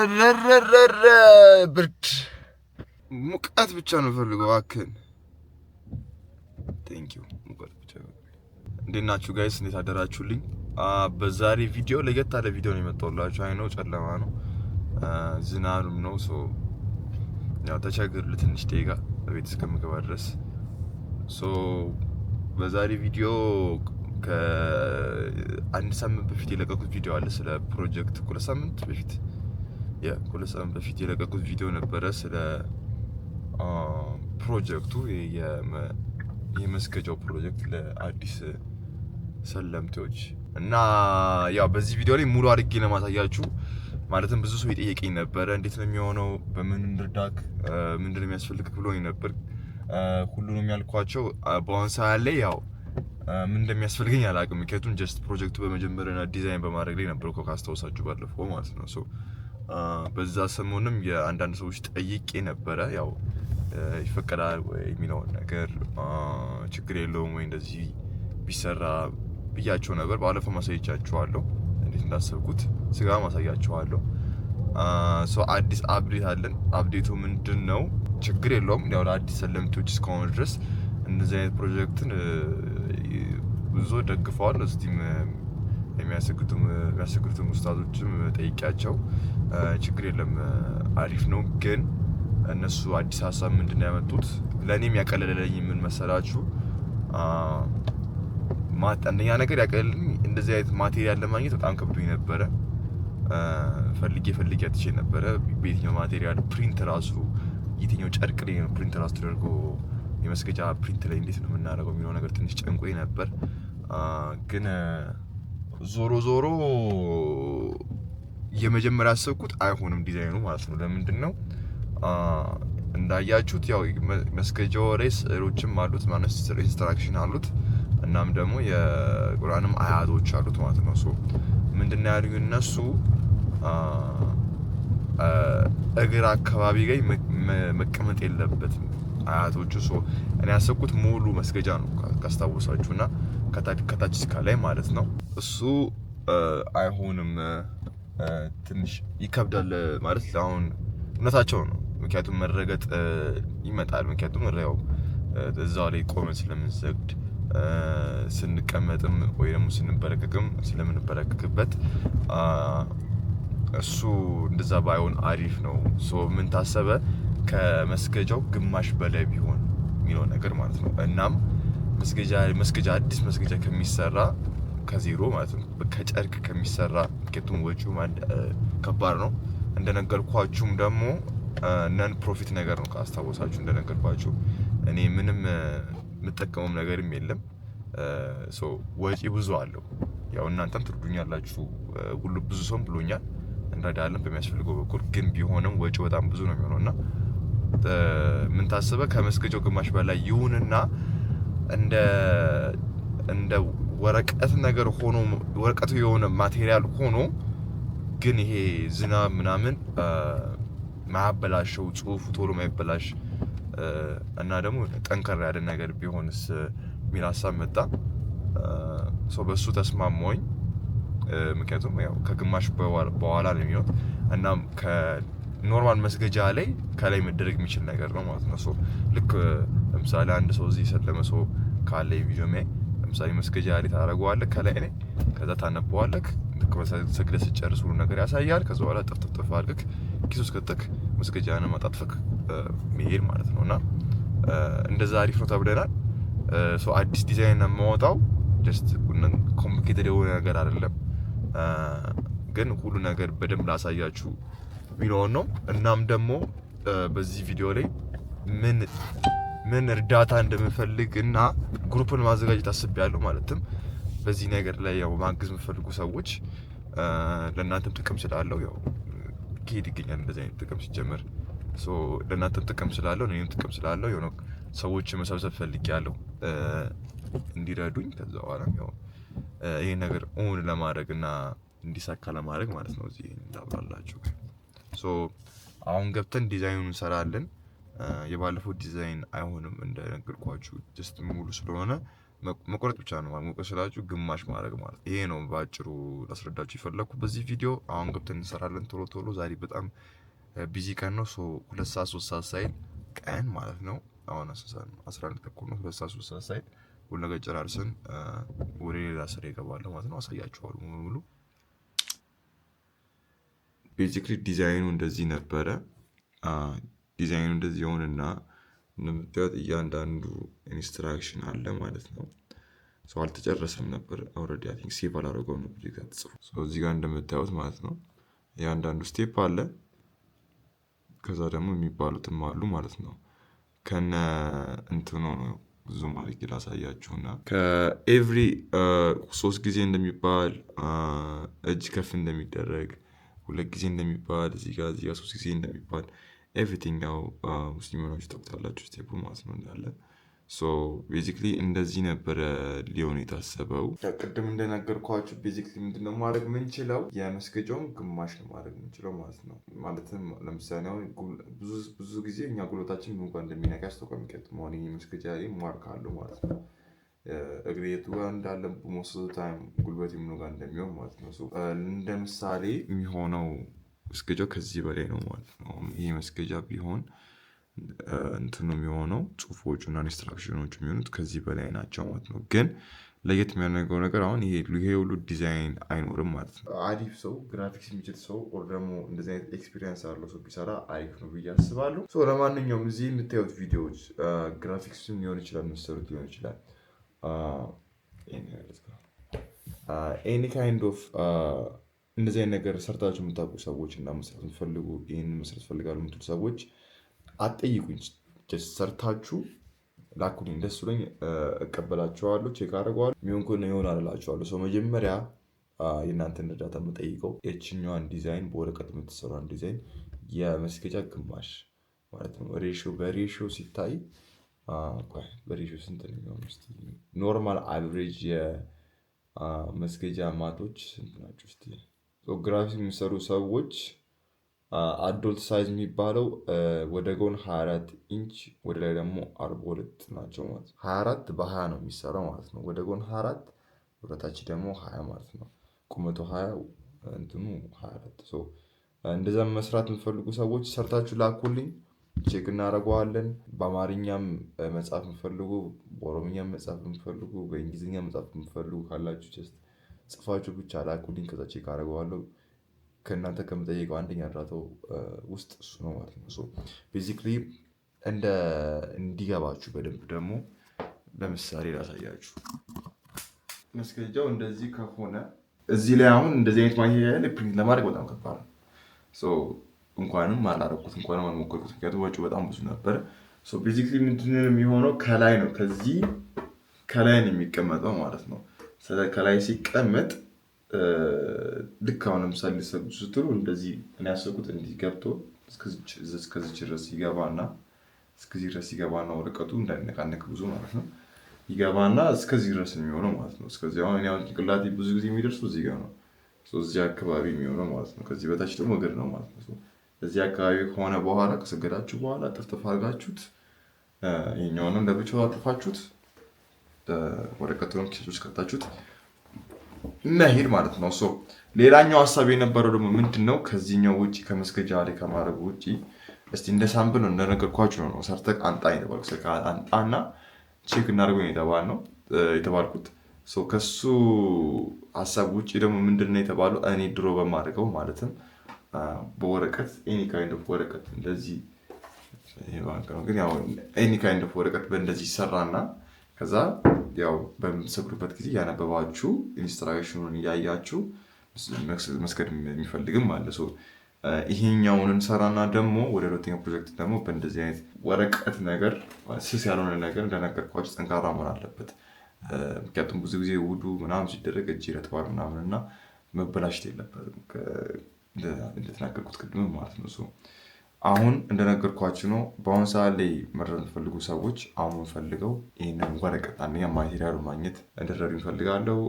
እረረረረ ብርድ ሙቀት ብቻ ነው ፈልገው አክን ሙቀት ብቻ እንዴት ናችሁ ጋይስ እንዴት አደራችሁልኝ በዛሬ ቪዲዮ ለየት ያለ ቪዲዮ ነው የመጣሁላችሁ አይ ነው ጨለማ ነው ዝናብም ነው ሶ ያው ተቸግር ደቂቃ በቤት እስከምገባ ድረስ ሶ በዛሬ ቪዲዮ ከአንድ ሳምንት በፊት የለቀቁት ቪዲዮ አለ ስለ ፕሮጀክት ኩለ ሳምንት በፊት ኩለ ሳምንት በፊት የለቀቁት ቪዲዮ ነበረ ስለ ፕሮጀክቱ የመስገጃው ፕሮጀክት ለአዲስ ሰለምቴዎች እና ያው በዚህ ቪዲዮ ላይ ሙሉ አድርጌ ለማሳያችሁ ማለትም ብዙ ሰው የጠየቀኝ ነበረ። እንዴት ነው የሚሆነው? በምን እንርዳክ? ምንድን ነው የሚያስፈልግ ብሎ ነበር። ሁሉንም ያልኳቸው በአሁን ሰዓት ላይ ያው ምን እንደሚያስፈልገኝ አላውቅም። ምክንያቱም ጀስት ፕሮጀክቱ በመጀመሪያና ዲዛይን በማድረግ ላይ ነበር ካስታውሳችሁ ባለፈው ማለት ነው። ሶ በዛ ሰሞንም የአንዳንድ ሰዎች ጠይቄ ነበረ ያው ይፈቀዳል የሚለውን ነገር ችግር የለውም ወይ እንደዚህ ቢሰራ ብያቸው ነበር። ባለፈው ማሳየቻችኋለሁ እንዴት እንዳሰብኩት ስጋ ማሳያችኋለሁ። አዲስ አብዴት አለን። አብዴቱ ምንድን ነው? ችግር የለውም ያው ለአዲስ ሰለምቶች እስከሆኑ ድረስ እንደዚህ አይነት ፕሮጀክትን ብዙ ደግፈዋል። እስቲም የሚያሰግዱትም ውስታዞችም ጠይቂያቸው ችግር የለም አሪፍ ነው ግን እነሱ አዲስ ሀሳብ ምንድን ነው ያመጡት? ለእኔም ያቀለለልኝ ምን መሰላችሁ? አንደኛ ነገር ያቀለልኝ እንደዚህ አይነት ማቴሪያል ለማግኘት በጣም ከብዶኝ ነበረ። ፈልጌ ፈልጌ አትቼ ነበረ። በየትኛው ማቴሪያል ፕሪንት ራሱ የትኛው ጨርቅ ላይ ነው ፕሪንት ራሱ ተደርጎ የመስገጃ ፕሪንት ላይ እንዴት ነው የምናደርገው የሚለው ነገር ትንሽ ጨንቆኝ ነበር። ግን ዞሮ ዞሮ የመጀመሪያ አይሆንም ዲዛይኑ ማለት ነው። ለምንድን ነው እንዳያችሁት ያው መስገጃው ላይ ስዕሎችም አሉት ማለት ኢንስትራክሽን አሉት እናም ደግሞ የቁርአንም አያቶች አሉት ማለት ነው። ሶ እነሱ እግር አካባቢ ላይ መቀመጥ የለበትም አያቶቹ። ሶ እኔ ያሰብኩት ሙሉ መስገጃ ነው ካስታወሳችሁ ከታች እስከ ላይ ማለት ነው። እሱ አይሆንም፣ ትንሽ ይከብዳል ማለት አሁን እውነታቸው ነው። ምክንያቱም መረገጥ ይመጣል። ምክንያቱም ያው እዛው ላይ ቆመን ስለምንሰግድ ስንቀመጥም ወይ ደግሞ ስንበረከክም ስለምንበረከክበት እሱ እንደዛ ባይሆን አሪፍ ነው። ምን ታሰበ ከመስገጃው ግማሽ በላይ ቢሆን የሚለው ነገር ማለት ነው እናም መስገጃ አዲስ መስገጃ ከሚሰራ ከዜሮ ማለት ነው ከጨርቅ ከሚሰራ ኬቱን ወጪው ከባድ ነው። እንደነገርኳችሁም ደግሞ ነን ፕሮፊት ነገር ነው ካስታወሳችሁ፣ እንደነገርኳችሁ እኔ ምንም የምጠቀመው ነገርም የለም። ወጪ ብዙ አለው። ያው እናንተም ትርዱኛላችሁ ሁሉ ብዙ ሰውም ብሎኛል እንረዳለን በሚያስፈልገው በኩል ግን ቢሆንም ወጪ በጣም ብዙ ነው የሚሆነው እና ምን ታስበ ከመስገጃው ግማሽ በላይ ይሁንና እንደ እንደ ወረቀት ነገር ሆኖ ወረቀቱ የሆነ ማቴሪያል ሆኖ ግን ይሄ ዝናብ ምናምን ማያበላሸው ጽሁፉ ቶሎ ማይበላሽ እና ደግሞ ጠንከር ያለ ነገር ቢሆንስ የሚል ሀሳብ መጣ። ሰው በሱ ተስማማኝ። ምክንያቱም ያው ከግማሽ በኋላ ነው የሚሆን እናም ከኖርማል መስገጃ ላይ ከላይ መደረግ የሚችል ነገር ነው ማለት ነው ልክ ለምሳሌ አንድ ሰው እዚህ ሰለመ ሰው ካለ የቪዲዮ ሚያይ ለምሳሌ መስገጃ ላይ ታደርገዋለህ ከላይ ላይ ከዛ ታነበዋለህ ስግደት ስጨርስ ሁሉ ነገር ያሳያል። ከዛ በኋላ ጥፍጥፍጥፍ አድርግ ኪስ ውስጥ መስገጃን መስገጃህን መሄድ ማለት ነው። እና እንደዛ አሪፍ ነው ተብለናል። አዲስ ዲዛይን ነው የማወጣው። ጀስት ኮምፕሊኬትድ የሆነ ነገር አይደለም፣ ግን ሁሉ ነገር በደንብ ላሳያችሁ ቢሆን ነው። እናም ደግሞ በዚህ ቪዲዮ ላይ ምን ምን እርዳታ እንደምፈልግ እና ግሩፕን ማዘጋጀት አስቤያለሁ። ማለትም በዚህ ነገር ላይ ያው ማገዝ የምፈልጉ ሰዎች ለእናንተም ጥቅም ስላለው ያው ከሄድ ይገኛል እንደዚህ አይነት ጥቅም ሲጀመር ለእናንተም ጥቅም ስላለው እኔም ጥቅም ስላለው የሆነ ሰዎች መሰብሰብ ፈልጌያለሁ እንዲረዱኝ። ከዛ በኋላ ያው ይህን ነገር እውን ለማድረግ እና እንዲሳካ ለማድረግ ማለት ነው እዚህ እንዳብራላችሁ። አሁን ገብተን ዲዛይኑን እንሰራለን። የባለፈው ዲዛይን አይሆንም እንደነገርኳችሁ ጀስት ሙሉ ስለሆነ መቁረጥ ብቻ ነው። መቁረጥ ስላችሁ ግማሽ ማድረግ ማለት ይሄ ነው በአጭሩ ላስረዳችሁ የፈለግኩ በዚህ ቪዲዮ። አሁን ገብተን እንሰራለን ቶሎ ቶሎ። ዛሬ በጣም ቢዚ ቀን ነው። ሁለት ሰዓት ሶስት ሰዓት ሳይል ቀን ማለት ነው። አሁን አስሳ አስራ አንድ ተኩል ነው። ሁለት ሰዓት ሶስት ሰዓት ሳይል ሁሉ ነገር ጨራርስን ወደ ሌላ ስራ ይገባለሁ ማለት ነው። አሳያችኋል ሙሉ ሙሉ ቤዚክሊ ዲዛይኑ እንደዚህ ነበረ። ዲዛይኑ እንደዚህ ይሆንና እንደምታዩት እያንዳንዱ ኢንስትራክሽን አለ ማለት ነው። ሰው አልተጨረሰም ነበር። ኦልሬዲ አይ ቲንክ ሴቭ ነበር ተጽፎ እዚህ ጋር እንደምታዩት ማለት ነው። እያንዳንዱ ስቴፕ አለ። ከዛ ደግሞ የሚባሉትም አሉ ማለት ነው። ከነ እንትኖ ነው ዙም አድርጌ ላሳያችሁና ከኤቭሪ ሶስት ጊዜ እንደሚባል እጅ ከፍ እንደሚደረግ ሁለት ጊዜ እንደሚባል እዚህ ጋር እዚህ ጋር ሶስት ጊዜ እንደሚባል ኤቭሪቲንግ ያው ሙስሊሞች ታውቁታላችሁ ስቴፕ ማለት ነው እንዳለ ቤዚክሊ እንደዚህ ነበረ ሊሆን የታሰበው። ቅድም እንደነገርኳችሁ ቤዚክሊ ምንድነው ማድረግ ምንችለው የመስገጫውን ግማሽ ነው ማድረግ ምንችለው ማለት ነው። ማለትም ለምሳሌ ብዙ ጊዜ እኛ ጉልበታችን ምን ጋር እንደሚነካ ያስተቆሚቀጥ መሆን መስገጫ ላይ ማርክ አለው ማለት ነው። እግሬ የቱ ጋር እንዳለ ሞስት ታይም ጉልበት የምኑ ጋር እንደሚሆን ማለት ነው። እንደ ምሳሌ የሚሆነው መስገጃው ከዚህ በላይ ነው ማለት ነው። ይሄ መስገጃ ቢሆን እንትኑ የሚሆነው ጽሁፎቹ እና ኢንስትራክሽኖቹ የሚሆኑት ከዚህ በላይ ናቸው ማለት ነው። ግን ለየት የሚያደርገው ነገር አሁን ይሄ ሁሉ ዲዛይን አይኖርም ማለት ነው። አሪፍ ሰው ግራፊክስ የሚችል ሰው ኦር ደግሞ እንደዚህ አይነት ኤክስፒሪየንስ አለው ሰው ቢሰራ አሪፍ ነው ብዬ አስባለሁ። ለማንኛውም እዚህ የምታዩት ቪዲዮዎች ግራፊክስም ሊሆን ይችላል፣ መሰሩት ሊሆን ይችላል ኤኒ ካይንድ ኦፍ እንደዚህ አይነት ነገር ሰርታችሁ የምታውቁ ሰዎች እና መስራት የምትፈልጉ ይህን መስራት ፈልጋሉ የምትሉ ሰዎች አጠይቁኝ። ሰርታችሁ ላኩኝ፣ ደስ ብሎኝ እቀበላችኋለሁ፣ ቼክ አድርገዋለሁ። የሚሆን ከሆነ ይሆናል እላችኋለሁ። ሰው መጀመሪያ የእናንተን እርዳታ የምጠይቀው የችኛዋን ዲዛይን በወረቀት የምትሰሯን ዲዛይን የመስገጫ ግማሽ ማለት ነው። ሬሾ በሬሾ ሲታይ በሬሾ ስንት ነው? ኖርማል አቨሬጅ የመስገጃ ማቶች ስንት ናቸው? ግራፊክ የሚሰሩ ሰዎች አዶልት ሳይዝ የሚባለው ወደ ጎን 24 ኢንች ወደ ላይ ደግሞ 42 ናቸው ማለት ነው። 24 በ20 ነው የሚሰራው ማለት ነው። ወደ ጎን 24 ወደታች ደግሞ 20 ማለት ነው። ቁመቱ 20 እንትኑ 24። ሶ እንደዛ መስራት የምትፈልጉ ሰዎች ሰርታችሁ ላኩልኝ፣ ቼክ እናደርገዋለን። በአማርኛም መጻፍ የምትፈልጉ፣ በኦሮምኛም መጻፍ የምትፈልጉ፣ በእንግሊዝኛ መጻፍ የምትፈልጉ ካላችሁ ጽፋችሁ ብቻ ላኩልኝ። ከዛ ቼክ አደርገዋለሁ። ከእናንተ ከምጠየቀው አንደኛ እርዳታ ውስጥ እሱ ነው ማለት ነው። ቤዚክሊ እንዲገባችሁ በደንብ ደግሞ ለምሳሌ ላሳያችሁ። መስገጃው እንደዚህ ከሆነ እዚህ ላይ አሁን እንደዚህ አይነት ማያ ፕሪንት ለማድረግ በጣም ከባድ ነው። እንኳንም አላረኩት እንኳንም አልሞከርኩት፣ ምክንያቱም ወጪው በጣም ብዙ ነበር ቤዚክሊ ምንድን የሚሆነው ከላይ ነው ከዚህ ከላይ ነው የሚቀመጠው ማለት ነው። ከላይ ሲቀመጥ ልክ አሁን ለምሳሌ ሊሰግዱ ስትሉ እንደዚህ እኔ ያሰቁት እንዲህ ገብቶ እስከዚች ድረስ ይገባና እስከዚህ ድረስ ይገባና ወረቀቱ እንዳይነቃነቅ ብዙ ማለት ነው ይገባና እስከዚህ ድረስ የሚሆነው ማለት ነው። እስከዚህ አሁን እኔ አሁን ጭንቅላቴ ብዙ ጊዜ የሚደርሱ እዚህ ጋር ነው፣ እዚህ አካባቢ የሚሆነው ማለት ነው። ከዚህ በታች ደግሞ እግር ነው ማለት ነው። እዚህ አካባቢ ከሆነ በኋላ ከሰገዳችሁ በኋላ ጥፍጥፍ አድርጋችሁት ይኛውንም ለብቻው አጥፋችሁት ወረቀቱንም ኪሶች ከታችሁት መሄድ ማለት ነው። ሌላኛው ሀሳብ የነበረው ደግሞ ምንድን ነው ከዚህኛው ውጭ ከመስገጃ ላይ ከማድረጉ ውጭ እስቲ እንደ ሳምፕል ነው እንደነገርኳቸው ነው ሰርተክ አንጣ የተባልኩት ስልክ እና ቼክ እናደርገው የተባል ነው የተባልኩት። ከሱ ሀሳብ ውጭ ደግሞ ምንድን ነው የተባለው እኔ ድሮ በማድረገው ማለትም በወረቀት ኤኒ ካይንድ ኦፍ ወረቀት እንደዚህ ግን ኤኒ ካይንድ ኦፍ ወረቀት በእንደዚህ ይሰራና ከዛ ያው በምትሰግዱበት ጊዜ ያነበባችሁ ኢንስትራክሽኑን እያያችሁ መስገድ የሚፈልግም አለ። ይሄኛውን እንሰራና ደግሞ ወደ ሁለተኛው ፕሮጀክት ደግሞ በእንደዚህ አይነት ወረቀት ነገር ስስ ያልሆነ ነገር እንደነገርኳቸው ጠንካራ መሆን አለበት። ምክንያቱም ብዙ ጊዜ ውዱ ምናምን ሲደረግ እጅ ይረጥባል ምናምንና መበላሽት መበላሸት የለበትም እንደተናገርኩት ቅድም ማለት ነው። አሁን እንደነገርኳችሁ ነው። በአሁኑ ሰዓት ላይ መድረስ የምትፈልጉ ሰዎች አሁን ፈልገው ይህንን ወረቀት አንደኛ ማቴሪያሉ ማግኘት እንድረዱ ይፈልጋለው።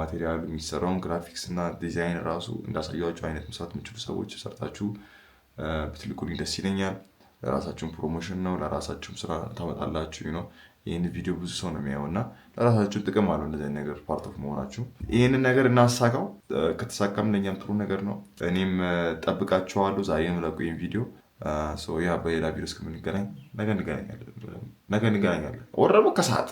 ማቴሪያሉ የሚሰራውን ግራፊክስ እና ዲዛይን ራሱ እንዳሳያቸው አይነት መስራት የምችሉ ሰዎች ሰርታችሁ ብትልኩልኝ ደስ ይለኛል። ለራሳችሁም ፕሮሞሽን ነው፣ ለራሳችሁም ስራ ታመጣላችሁ ነው። ይህን ቪዲዮ ብዙ ሰው ነው የሚያየው እና ለራሳችሁን ጥቅም አለው እንደዚህ ነገር ፓርት ኦፍ መሆናችሁ። ይህንን ነገር እናሳካው። ከተሳካም ለእኛም ጥሩ ነገር ነው። እኔም ጠብቃችኋለሁ። ዛሬ ምለቁ ይህን ቪዲዮ ያ በሌላ ቪዲዮ እስከምንገናኝ ነገ እንገናኛለን። ነገ እንገናኛለን። ወር ከሰዓት